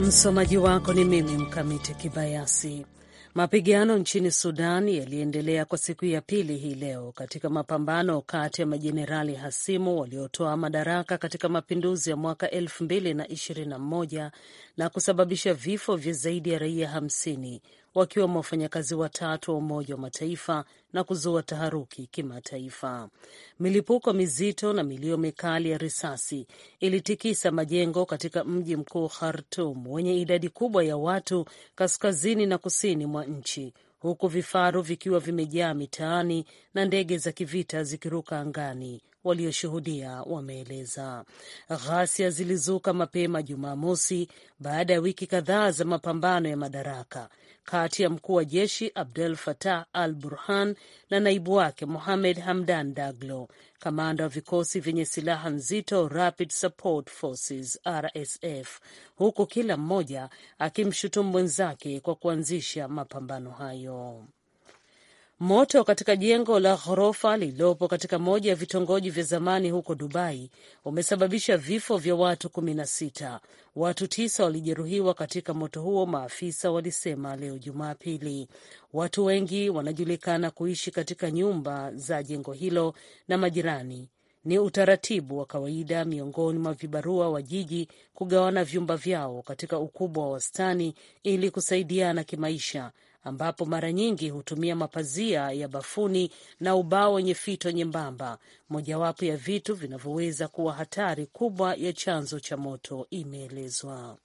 Msomaji wako ni mimi Mkamiti Kibayasi. Mapigano nchini Sudan yaliendelea kwa siku ya pili hii leo katika mapambano kati ya majenerali hasimu waliotoa madaraka katika mapinduzi ya mwaka 2021 na kusababisha vifo vya zaidi ya raia 50 wakiwemo wafanyakazi watatu wa Umoja wa Mataifa na kuzua taharuki kimataifa. Milipuko mizito na milio mikali ya risasi ilitikisa majengo katika mji mkuu Khartum wenye idadi kubwa ya watu kaskazini na kusini mwa nchi huku vifaru vikiwa vimejaa mitaani na ndege za kivita zikiruka angani. Walioshuhudia wameeleza ghasia zilizuka mapema Jumamosi baada ya wiki kadhaa za mapambano ya madaraka kati ya mkuu wa jeshi Abdel Fattah al Burhan na naibu wake Mohamed Hamdan Daglo, kamanda wa vikosi vyenye silaha nzito Rapid Support Forces RSF, huku kila mmoja akimshutumu mwenzake kwa kuanzisha mapambano hayo. Moto katika jengo la ghorofa lililopo katika moja ya vitongoji vya zamani huko Dubai umesababisha vifo vya watu kumi na sita. Watu tisa walijeruhiwa katika moto huo, maafisa walisema leo Jumapili. Watu wengi wanajulikana kuishi katika nyumba za jengo hilo na majirani. Ni utaratibu wa kawaida miongoni mwa vibarua wa jiji kugawana vyumba vyao katika ukubwa wa wastani ili kusaidiana kimaisha, ambapo mara nyingi hutumia mapazia ya bafuni na ubao wenye fito nyembamba, mojawapo ya vitu vinavyoweza kuwa hatari kubwa ya chanzo cha moto, imeelezwa.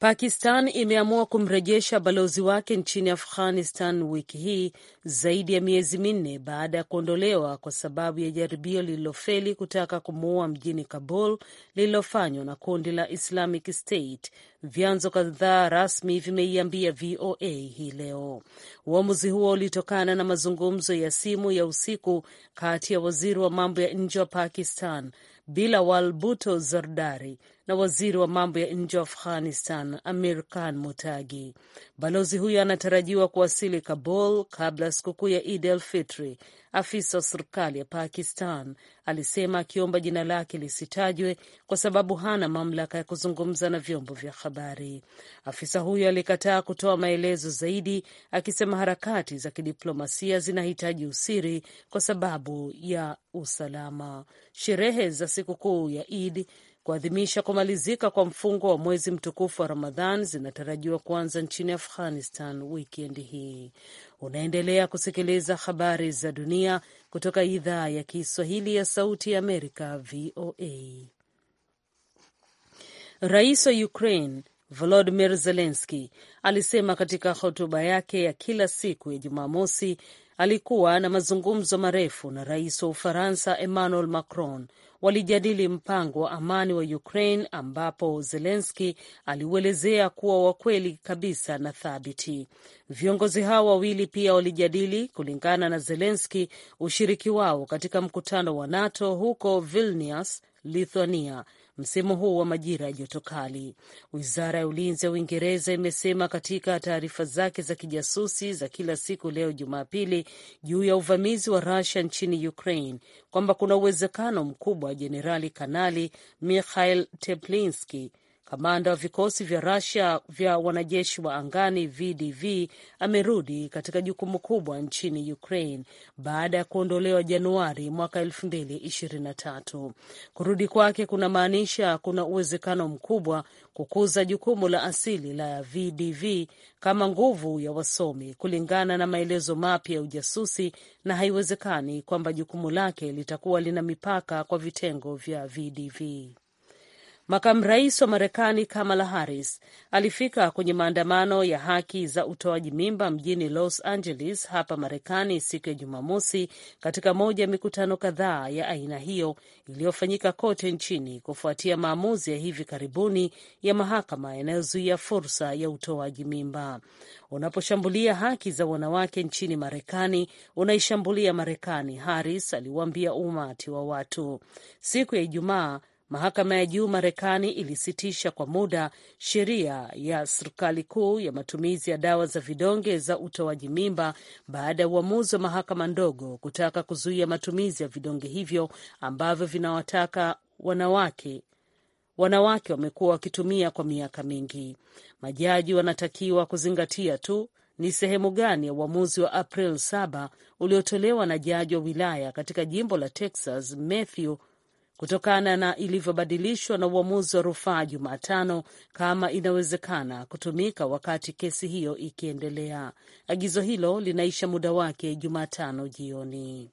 Pakistan imeamua kumrejesha balozi wake nchini Afghanistan wiki hii, zaidi ya miezi minne baada ya kuondolewa kwa sababu ya jaribio lililofeli kutaka kumuua mjini Kabul lililofanywa na kundi la Islamic State. Vyanzo kadhaa rasmi vimeiambia VOA hii leo. Uamuzi huo ulitokana na mazungumzo ya simu ya usiku kati ya waziri wa mambo ya nje wa Pakistan Bilawal Bhutto Zardari na waziri wa mambo ya nje wa Afghanistan Amir Khan Mutagi. Balozi huyo anatarajiwa kuwasili Kabul kabla sikukuu ya Id el Fitri, afisa wa serikali ya Pakistan alisema, akiomba jina lake lisitajwe kwa sababu hana mamlaka ya kuzungumza na vyombo vya habari. Afisa huyo alikataa kutoa maelezo zaidi, akisema harakati za kidiplomasia zinahitaji usiri kwa sababu ya usalama. Sherehe za sikukuu ya Idi kuadhimisha kumalizika kwa mfungo wa mwezi mtukufu wa Ramadhan zinatarajiwa kuanza nchini Afghanistan wikendi hii. Unaendelea kusikiliza habari za dunia kutoka idhaa ya Kiswahili ya Sauti ya Amerika, VOA. Rais wa Ukraine Volodimir Zelenski alisema katika hotuba yake ya kila siku ya Jumamosi alikuwa na mazungumzo marefu na rais wa Ufaransa Emmanuel Macron walijadili mpango wa amani wa Ukraine ambapo zelenski aliuelezea kuwa wa kweli kabisa na thabiti. Viongozi hao wawili pia walijadili, kulingana na zelenski ushiriki wao katika mkutano wa NATO huko Vilnius, Lithuania msimu huu wa majira ya joto kali. Wizara ya ulinzi ya Uingereza imesema katika taarifa zake za kijasusi za kila siku leo Jumapili juu ya uvamizi wa Rusia nchini Ukraine kwamba kuna uwezekano mkubwa wa jenerali kanali Mikhail Teplinski Kamanda wa vikosi vya Russia vya wanajeshi wa angani VDV amerudi katika jukumu kubwa nchini Ukraine baada ya kuondolewa Januari mwaka tatu. Kurudi kwake kunamaanisha kuna uwezekano mkubwa kukuza jukumu la asili la VDV kama nguvu ya wasomi, kulingana na maelezo mapya ya ujasusi, na haiwezekani kwamba jukumu lake litakuwa lina mipaka kwa vitengo vya VDV. Makamu rais wa Marekani Kamala Harris alifika kwenye maandamano ya haki za utoaji mimba mjini Los Angeles hapa Marekani siku ya Jumamosi, katika moja ya mikutano kadhaa ya aina hiyo iliyofanyika kote nchini kufuatia maamuzi ya hivi karibuni ya mahakama yanayozuia fursa ya utoaji mimba. Unaposhambulia haki za wanawake nchini Marekani, unaishambulia Marekani, Harris aliwaambia umati wa watu siku ya Ijumaa mahakama ya juu Marekani ilisitisha kwa muda sheria ya serikali kuu ya matumizi ya dawa za vidonge za utoaji mimba baada ya uamuzi wa mahakama ndogo kutaka kuzuia matumizi ya vidonge hivyo ambavyo vinawataka wanawake wanawake wamekuwa wakitumia kwa miaka mingi. Majaji wanatakiwa kuzingatia tu ni sehemu gani ya uamuzi wa April 7 uliotolewa na jaji wa wilaya katika jimbo la Texas Matthew kutokana na ilivyobadilishwa na uamuzi wa rufaa Jumatano kama inawezekana kutumika wakati kesi hiyo ikiendelea. Agizo hilo linaisha muda wake Jumatano jioni.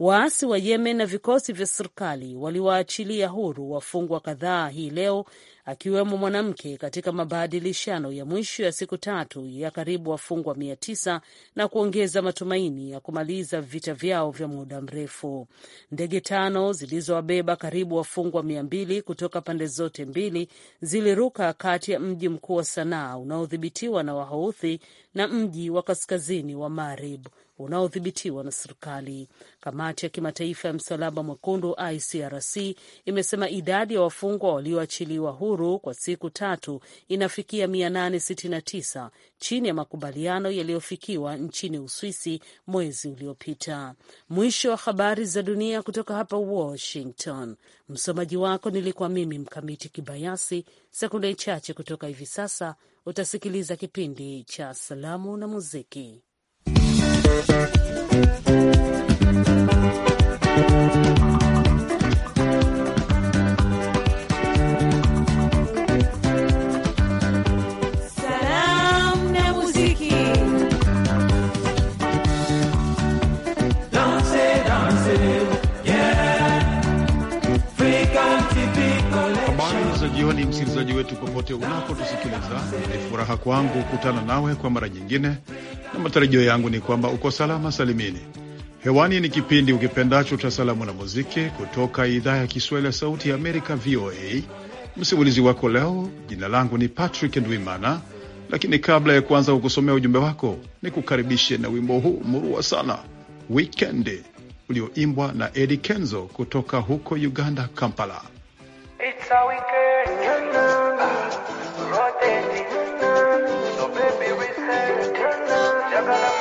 Waasi wa Yemen na vikosi vya serikali waliwaachilia huru wafungwa kadhaa hii leo, akiwemo mwanamke katika mabadilishano ya mwisho ya siku tatu ya karibu wafungwa mia tisa na kuongeza matumaini ya kumaliza vita vyao vya muda mrefu. Ndege tano zilizowabeba karibu wafungwa mia mbili kutoka pande zote mbili ziliruka kati ya mji mkuu wa Sanaa unaodhibitiwa na Wahouthi na mji wa kaskazini wa Marib unaodhibitiwa na serikali. Kamati ya kimataifa ya msalaba mwekundu ICRC imesema idadi ya wafungwa walioachiliwa huru kwa siku tatu inafikia 869 chini ya makubaliano yaliyofikiwa nchini Uswisi mwezi uliopita. Mwisho wa habari za dunia kutoka hapa Washington. Msomaji wako nilikuwa mimi Mkamiti Kibayasi. Sekunde chache kutoka hivi sasa utasikiliza kipindi cha salamu na muziki. Msikilizaji wetu popote unapotusikiliza, ni furaha kwangu kukutana nawe kwa mara nyingine na matarajio yangu ni kwamba uko salama salimini. Hewani ni kipindi ukipendacho cha salamu na muziki kutoka idhaa ya Kiswahili ya Sauti ya Amerika, VOA. Msimulizi wako leo, jina langu ni Patrick Ndwimana, lakini kabla ya kuanza kukusomea ujumbe wako, ni kukaribishe na wimbo huu murua sana Wikendi ulioimbwa na Eddie Kenzo kutoka huko Uganda, Kampala. It's a Thank you.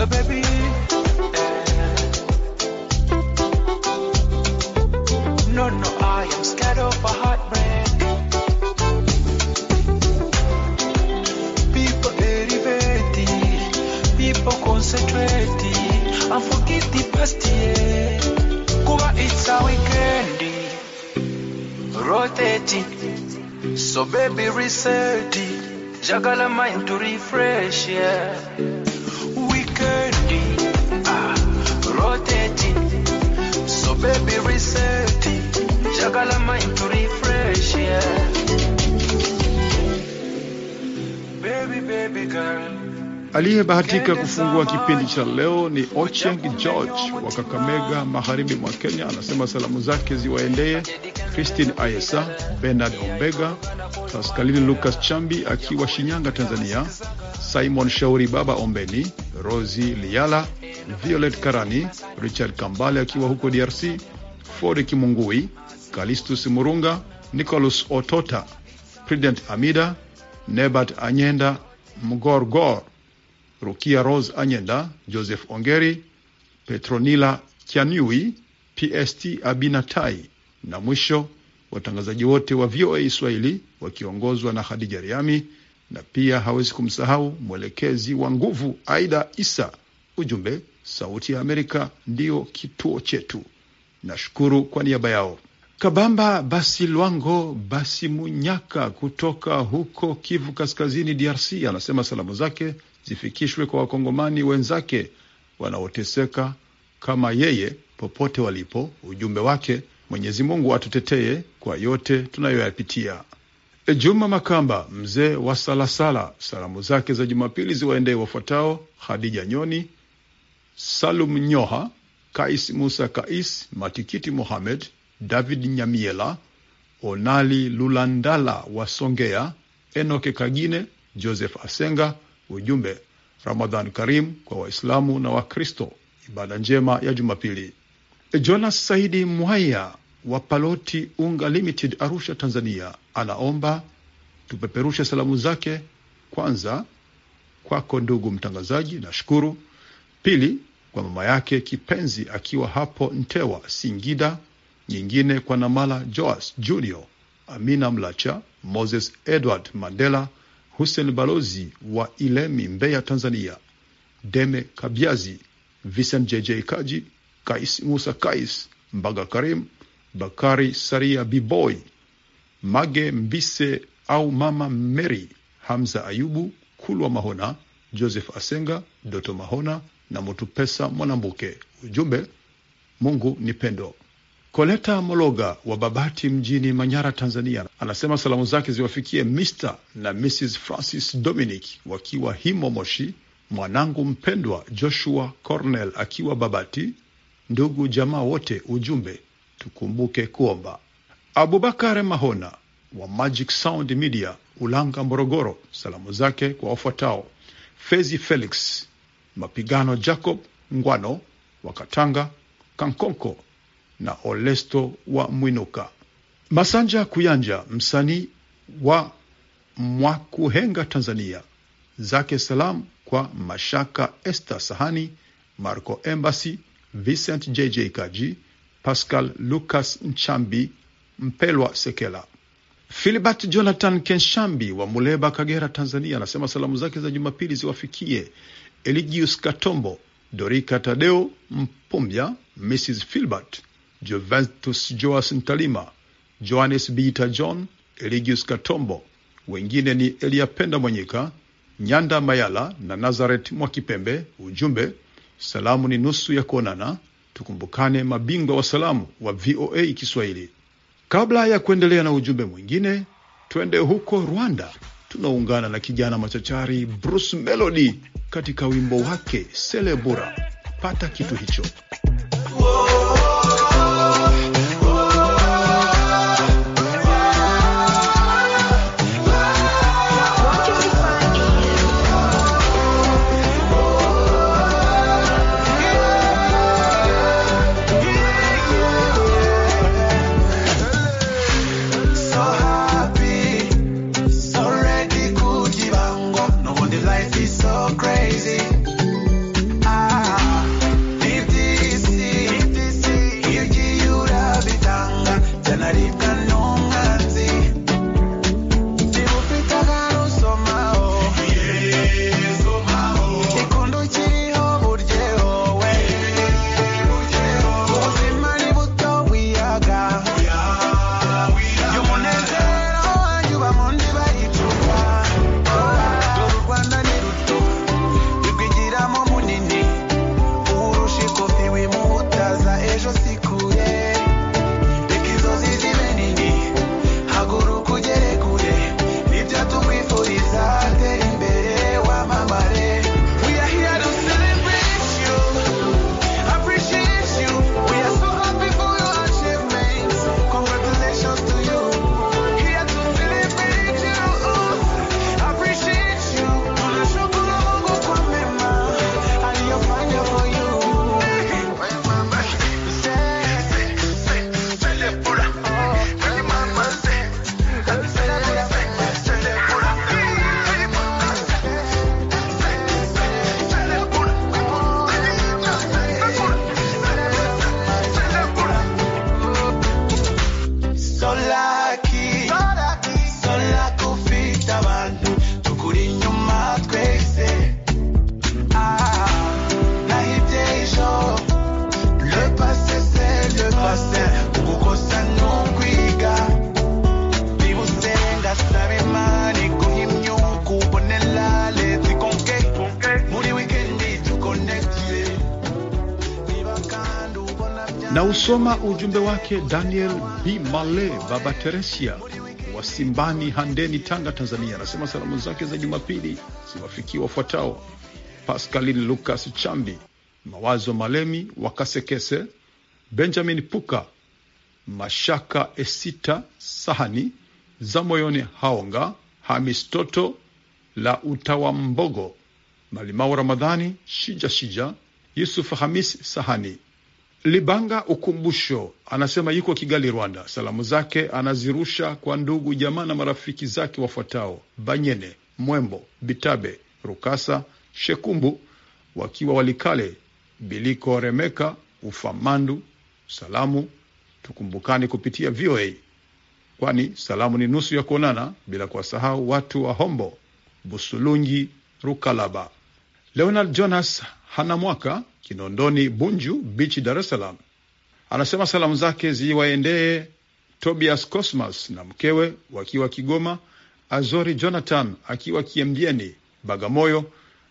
So baby, eh. no, no, I am scared of a heartbreak. People elevating, people concentrating, and forget the past year. Kuba it's a weekend, rotating. So baby, reset it. Jagala mind to refresh, yeah. Aliyebahatika kufungua kipindi cha leo ni ocheng George wa Kakamega, magharibi mwa Kenya. Anasema salamu zake ziwaendee Christine Ayesa, Bernard Ombega, Paskalini Lucas Chambi akiwa Shinyanga, Tanzania, Simon Shauri, Baba Ombeni, Rosi Liala, Violet Karani, Richard Kambale akiwa huko DRC, Ford Kimungui, Kalistus Murunga, Nicholas Otota, Prudent Amida, Nebat Anyenda Mgorgor Rukia Rose Anyenda, Joseph Ongeri, Petronila Kianui, PST Abinatai na mwisho watangazaji wote wa VOA Swahili wakiongozwa na Khadija Riami, na pia hawezi kumsahau mwelekezi wa nguvu Aida Isa. Ujumbe, Sauti ya Amerika ndiyo kituo chetu. Nashukuru kwa niaba yao. Kabamba basi Lwango basi Munyaka kutoka huko Kivu Kaskazini, DRC, anasema salamu zake zifikishwe kwa wakongomani wenzake wanaoteseka kama yeye popote walipo. Ujumbe wake, Mwenyezi Mungu atutetee kwa yote tunayoyapitia. E, Juma Makamba, mzee wa Salasala, salamu zake za Jumapili ziwaendee wafuatao: Khadija Nyoni, Salum Nyoha, Kais Musa, Kais Matikiti, Mohamed David Nyamiela, Onali Lulandala wa Songea, Enoke Kagine, Joseph Asenga Ujumbe: Ramadhan Karim kwa Waislamu na Wakristo. Ibada njema ya Jumapili. Jonas Saidi Mwaya wa Paloti Unga Limited, Arusha, Tanzania, anaomba tupeperushe salamu zake. Kwanza kwako ndugu mtangazaji, nashukuru. Pili kwa mama yake kipenzi akiwa hapo Ntewa, Singida. Nyingine kwa Namala Joas Junior, Amina Mlacha, Moses Edward Mandela Hussein Balozi wa Ilemi, Mbeya, Tanzania, Deme Kabyazi, Vincent JJ Kaji, Kais Musa, Kais Mbaga, Karim Bakari, Saria Biboy, Mage Mbise au Mama Mary, Hamza Ayubu, Kulwa Mahona, Joseph Asenga, Doto Mahona na Mutupesa Mwanambuke. Ujumbe, Mungu ni pendo. Koleta Mologa wa Babati mjini Manyara, Tanzania, anasema salamu zake ziwafikie Mr na Mrs Francis Dominic wakiwa Himo Moshi, mwanangu mpendwa Joshua cornel akiwa Babati, ndugu jamaa wote. Ujumbe, tukumbuke kuomba. Abubakar Mahona wa Magic Sound Media Ulanga, Morogoro, salamu zake kwa wafuatao: Fezi Felix Mapigano, Jacob Ngwano wa Katanga, Kankonko na Olesto wa Mwinuka. Masanja Kuyanja, msanii wa Mwakuhenga Tanzania, zake salam kwa Mashaka Esther Sahani, Marco Embassy, Vincent JJ Kaji, Pascal Lucas Nchambi, Mpelwa Sekela. Filibert Jonathan Kenshambi wa Muleba, Kagera, Tanzania, anasema salamu zake za Jumapili ziwafikie Eligius Katombo, Dorika Tadeo Mpumbya, Mrs Filbert Joventus Joas Ntalima, Johannes Biita John, Eligius Katombo. Wengine ni elia penda mwenyika Nyanda Mayala na Nazaret Mwakipembe. Ujumbe, salamu ni nusu ya kuonana. Tukumbukane, mabingwa wa salamu wa VOA Kiswahili. Kabla ya kuendelea na ujumbe mwingine, twende huko Rwanda. Tunaungana na kijana machachari Bruce Melody katika wimbo wake Selebura. Pata kitu hicho. Kusoma ujumbe wake Daniel B Male, Baba Teresia wa Simbani, Handeni, Tanga, Tanzania, anasema salamu zake za Jumapili ziwafikia wafuatao: Paskalin Lukas Chambi, Mawazo Malemi wa Kasekese, Benjamin Puka, Mashaka Esita Sahani za Moyoni, Haonga Hamis Toto la Utawa Mbogo, Malimao Ramadhani Shija Shija, Yusuf Hamis Sahani Libanga Ukumbusho anasema yuko Kigali, Rwanda. Salamu zake anazirusha kwa ndugu jamaa na marafiki zake wafuatao: Banyene, Mwembo, Bitabe, Rukasa, Shekumbu wakiwa Walikale, Biliko, Remeka, Ufamandu. Salamu tukumbukani kupitia VOA, kwani salamu ni nusu ya kuonana, bila kuwasahau watu wa Hombo, Busulungi, Rukalaba. Leonard Jonas hana mwaka Kinondoni Bunju Bichi, Dar es Salaam. Anasema salamu zake ziwaendee Tobias Cosmas na mkewe wakiwa Kigoma, Azori Jonathan akiwa Kiemjeni, Bagamoyo,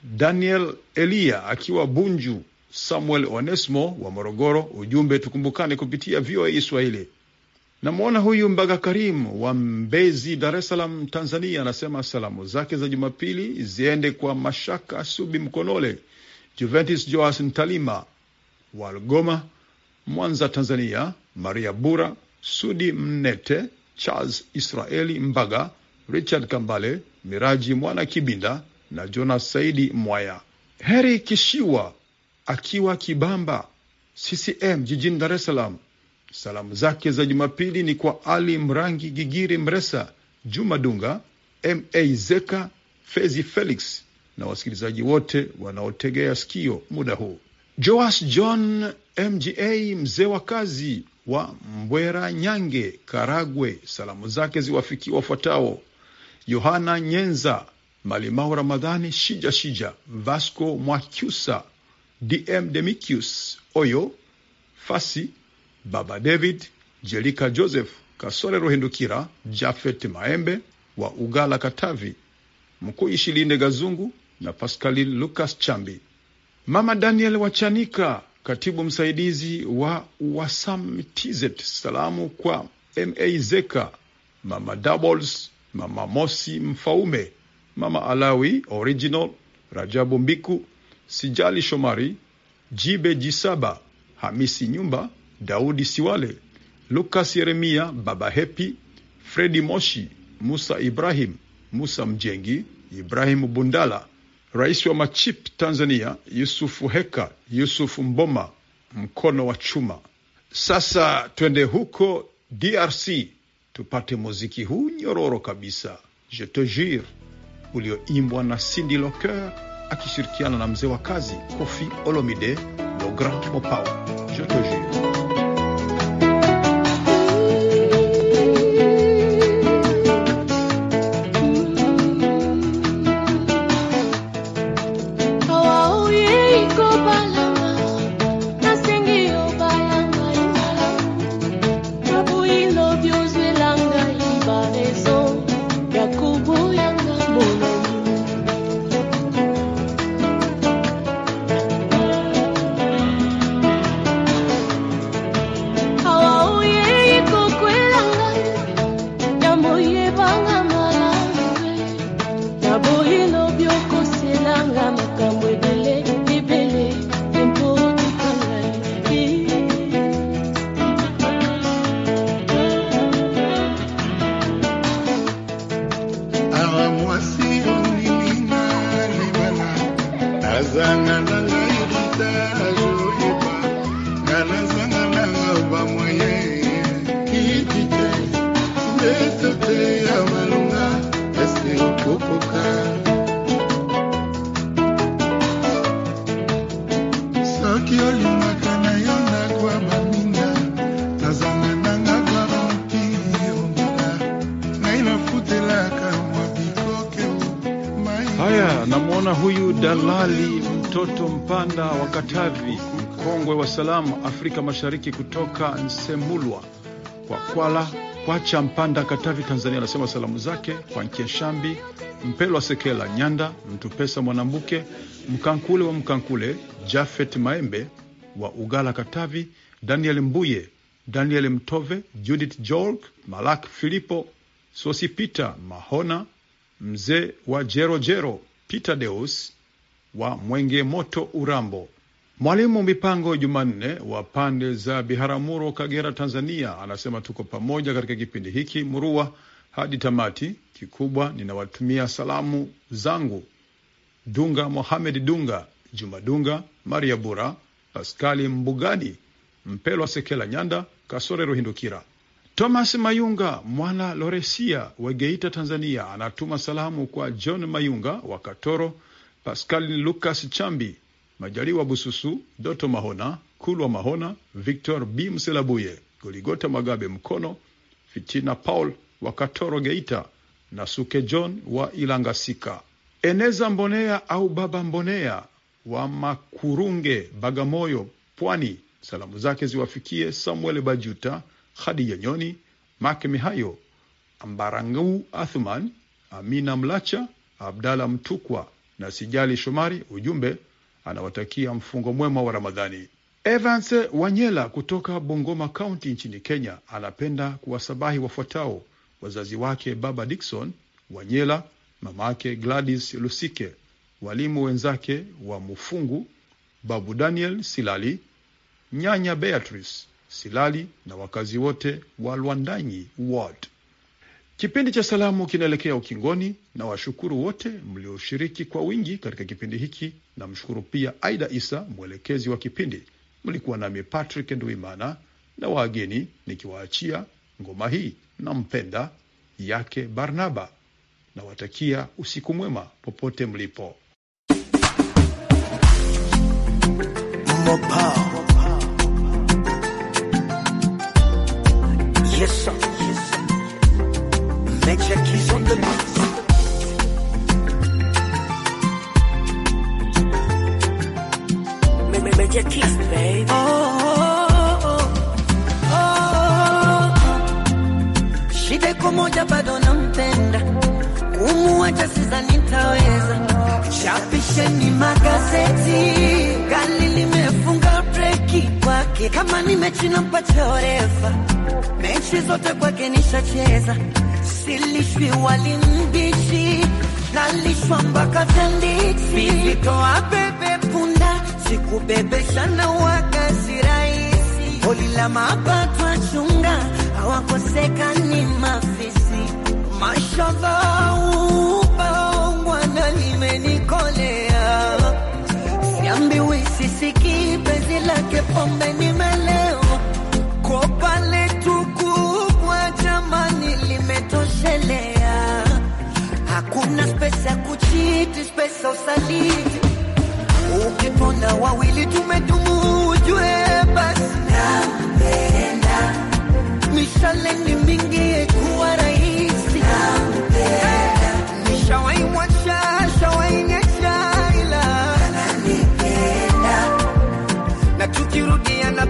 Daniel elia akiwa Bunju, Samuel Onesmo wa Morogoro. Ujumbe, tukumbukane kupitia VOA Swahili. Namwona huyu Mbaga karimu wa Mbezi, Dar es Salaam, Tanzania, anasema salamu zake za Jumapili ziende kwa Mashaka Subi Mkonole, Juventus Joas Ntalima Walgoma, Mwanza Tanzania, Maria Bura, Sudi Mnete, Charles Israeli Mbaga, Richard Kambale, Miraji Mwana Kibinda na Jonas Saidi Mwaya. Heri Kishiwa akiwa Kibamba CCM jijini Dar es Salaam, salamu zake za Jumapili ni kwa Ali Mrangi, Gigiri Mresa, Juma Dunga, Ma Zeka, Fezi Felix na wasikilizaji wote wanaotegea sikio muda huu. Joas John mga mzee wa kazi wa Mbwera Nyange, Karagwe, salamu zake ziwafikie wafuatao: Yohana Nyenza, Malimau Ramadhani, Shija Shija, Vasco Mwakyusa, DM Demikius Oyo, Fasi Baba David, Jelika Joseph, Kasore rohindukira Jafet Maembe wa Ugala Katavi, Mkuu Ishilinde Gazungu, na Pascaline Lucas Chambi. Mama Daniel Wachanika, katibu msaidizi wa Wasamtizet, salamu kwa Ma Zeka, Mama Doubles, Mama Mosi Mfaume, Mama Alawi Original, Rajabu Mbiku, Sijali Shomari, Jibe Jisaba, Hamisi Nyumba, Daudi Siwale, Lukas Yeremia, Baba Hepi, Fredi Moshi, Musa Ibrahim, Musa Mjengi, Ibrahimu Bundala, Rais wa Machip Tanzania Yusufu Heka Yusufu Mboma, mkono wa chuma. Sasa twende huko DRC tupate muziki huu nyororo kabisa, Je te jure, ulioimbwa na Cindy Locker akishirikiana na mzee wa kazi Kofi Olomide, le grand Mopao, Je te jure huyu dalali mtoto mpanda wa Katavi, mkongwe wa salamu Afrika Mashariki, kutoka Nsemulwa kwa Kwala Kwacha Mpanda, Katavi, Tanzania, anasema salamu zake kwa Nkia Shambi, Mpelwa Sekela Nyanda, Mtu Pesa Mwanambuke, Mkankule wa Mkankule, Jafet Maembe wa Ugala, Katavi, Daniel Mbuye, Daniel Mtove, Judith Jorg, Malak Filipo, Sosi Peter Mahona, mzee wa Jerojero Peter Deus wa Mwenge Moto Urambo. Mwalimu Mipango Jumanne wa pande za biharamuro Kagera, Tanzania, anasema tuko pamoja katika kipindi hiki murua hadi tamati. Kikubwa ninawatumia salamu zangu Dunga Mohamed Dunga, Juma Dunga, Maria Bura, Paskali Mbugani, Mpelwa Sekela Nyanda, Kasore Ruhindukira. Thomas Mayunga mwana Loresia wa Geita, Tanzania, anatuma salamu kwa John Mayunga wa Katoro, Pascal Lucas Chambi, Majaliwa Bususu, Doto Mahona, Kulwa Mahona, Victor B Mselabuye, Goligota Magabe Mkono, Fitina Paul wa Katoro, Geita, na Suke John wa Ilangasika, Eneza Mbonea au Baba Mbonea wa Makurunge, Bagamoyo, Pwani. Salamu zake ziwafikie Samuel Bajuta Khadija Nyoni, Make Mihayo, Ambarangu Athuman, Amina Mlacha, Abdala Mtukwa na Sijali Shomari. Ujumbe anawatakia mfungo mwema wa Ramadhani. Evans Wanyela kutoka Bungoma County nchini Kenya anapenda kuwasabahi wafuatao: wazazi wake baba dikson Wanyela, mamake Gladys Lusike, walimu wenzake wa Mufungu, babu Daniel Silali, nyanya Beatrice Silali na wakazi wote wa Lwandanyi Ward. Kipindi cha salamu kinaelekea ukingoni, na washukuru wote mlioshiriki kwa wingi katika kipindi hiki. Namshukuru pia Aida Isa, mwelekezi wa kipindi. Mlikuwa nami Patrick Ndwimana na wageni, nikiwaachia ngoma hii nampenda yake Barnaba. Nawatakia usiku mwema popote mlipo Mopao. Yes, sir. Yes, sir. Major keys on the mix. Major keys, baby. Oh, oh, oh. Shida iko moja bado nampenda, kumuacha sidhani nitaweza. Chapisheni magazeti, gari limefunga breki kwake kama ni mechi nampatia orefa, mechi zote kwake nishacheza, silishwi mbichi, nalishwa mpaka tandiki, nilitoa bebe punda, sikubebesha na wakazi rahisi, holi la mapato achunga, hawakosekani mafisi mashallah Niambiwe sisiki penzi lake pombe nimelewa kwa pale tukubwa jamani limetoshelea hakuna spesa kuchiti spesa usaliti ukipona wawili tumedumujwe basi napenda mishale ni mingi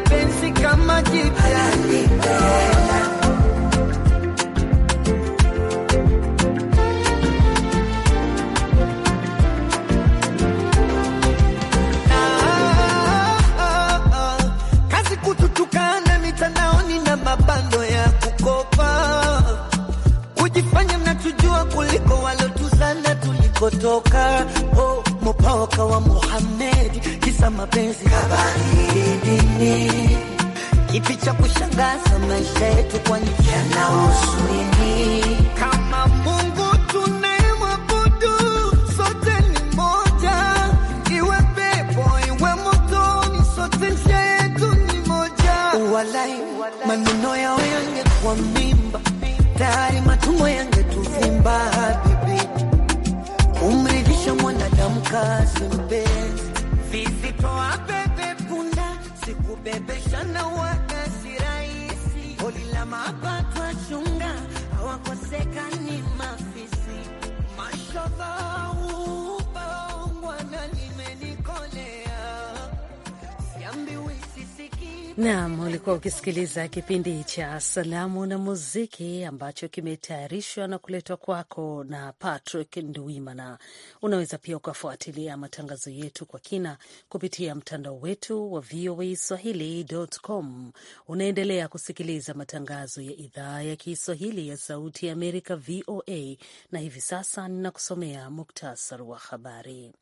pensi kama jipya kazi kututukana mitandaoni na mabando ya kukopa kujifanya mnatujua kuliko walotuzana tulikotoka Toka wa Muhammad, kisa mapenzi kabarini. Kipi cha kushangaza maisha yetu kwani yanahusu nini? Kama Mungu mazembe visipoa pepe punda sikubebesha na rahisi holi la chunga hawakosekani mafisi mashodha Naam, ulikuwa ukisikiliza kipindi cha salamu na muziki ambacho kimetayarishwa na kuletwa kwako na Patrick Nduimana. Unaweza pia ukafuatilia matangazo yetu kwa kina kupitia mtandao wetu wa VOA Swahili.com. Unaendelea kusikiliza matangazo ya idhaa ya Kiswahili ya Sauti ya Amerika, VOA, na hivi sasa ninakusomea muktasari wa habari.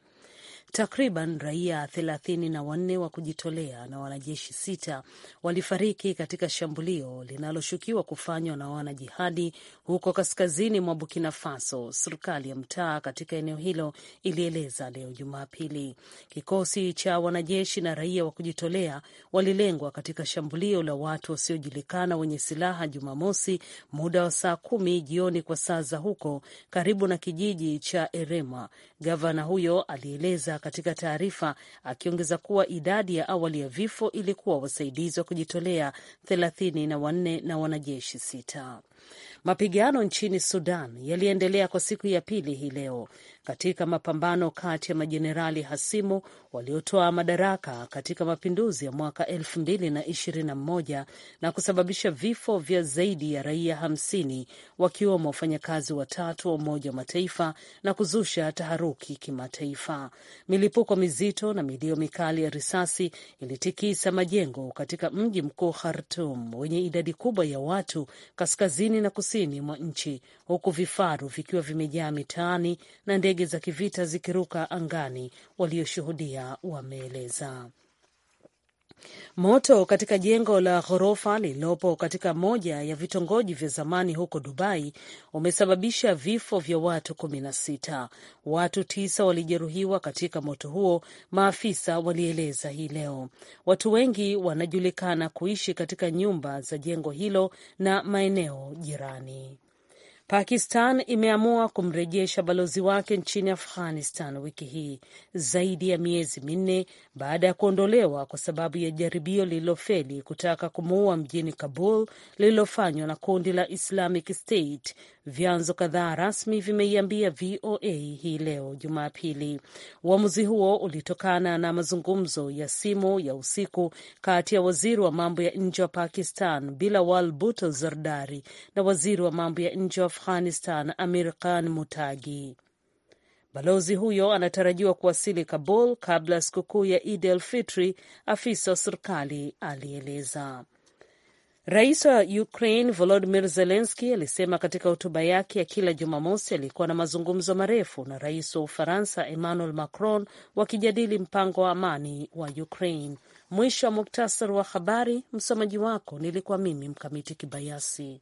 Takriban raia thelathini na wanne wa kujitolea na wanajeshi sita walifariki katika shambulio linaloshukiwa kufanywa na wanajihadi huko kaskazini mwa Burkina Faso, serikali ya mtaa katika eneo hilo ilieleza leo Jumapili. Kikosi cha wanajeshi na raia wa kujitolea walilengwa katika shambulio la watu wasiojulikana wenye silaha Jumamosi muda wa saa kumi jioni kwa saa za huko, karibu na kijiji cha Erema. Gavana huyo alieleza katika taarifa, akiongeza kuwa idadi ya awali ya vifo ilikuwa wasaidizi wa kujitolea thelathini na wanne na wanajeshi sita. Mapigano nchini Sudan yaliendelea kwa siku ya pili hii leo katika mapambano kati ya majenerali hasimu waliotoa madaraka katika mapinduzi ya mwaka 2021 na kusababisha vifo vya zaidi ya raia 50 wakiwemo wafanyakazi watatu wa Umoja wa Mataifa na kuzusha taharuki kimataifa. Milipuko mizito na milio mikali ya risasi ilitikisa majengo katika mji mkuu Khartum wenye idadi kubwa ya watu kaskazini kaskazini na kusini mwa nchi, huku vifaru vikiwa vimejaa mitaani na ndege za kivita zikiruka angani, walioshuhudia wameeleza. Moto katika jengo la ghorofa lililopo katika moja ya vitongoji vya zamani huko Dubai umesababisha vifo vya watu kumi na sita. Watu tisa walijeruhiwa katika moto huo, maafisa walieleza hii leo. Watu wengi wanajulikana kuishi katika nyumba za jengo hilo na maeneo jirani. Pakistan imeamua kumrejesha balozi wake nchini Afghanistan wiki hii, zaidi ya miezi minne baada ya kuondolewa kwa sababu ya jaribio lililofeli kutaka kumuua mjini Kabul lililofanywa na kundi la Islamic State. Vyanzo kadhaa rasmi vimeiambia VOA hii leo Jumapili. Uamuzi huo ulitokana na mazungumzo ya simu ya usiku kati ya waziri wa mambo ya nje wa Pakistan Bilawal Bhutto Zardari na waziri wa mambo ya nje wa Afghanistan Amir Khan Mutagi. Balozi huyo anatarajiwa kuwasili Kabul kabla ya sikukuu ya Id el Fitri, afisa wa serikali alieleza. Rais wa Ukraine Volodimir Zelenski alisema katika hotuba yake ya kila Jumamosi alikuwa na mazungumzo marefu na rais wa Ufaransa Emmanuel Macron wakijadili mpango wa amani wa Ukraine. Mwisho wa muktasari wa habari. Msomaji wako nilikuwa mimi Mkamiti Kibayasi.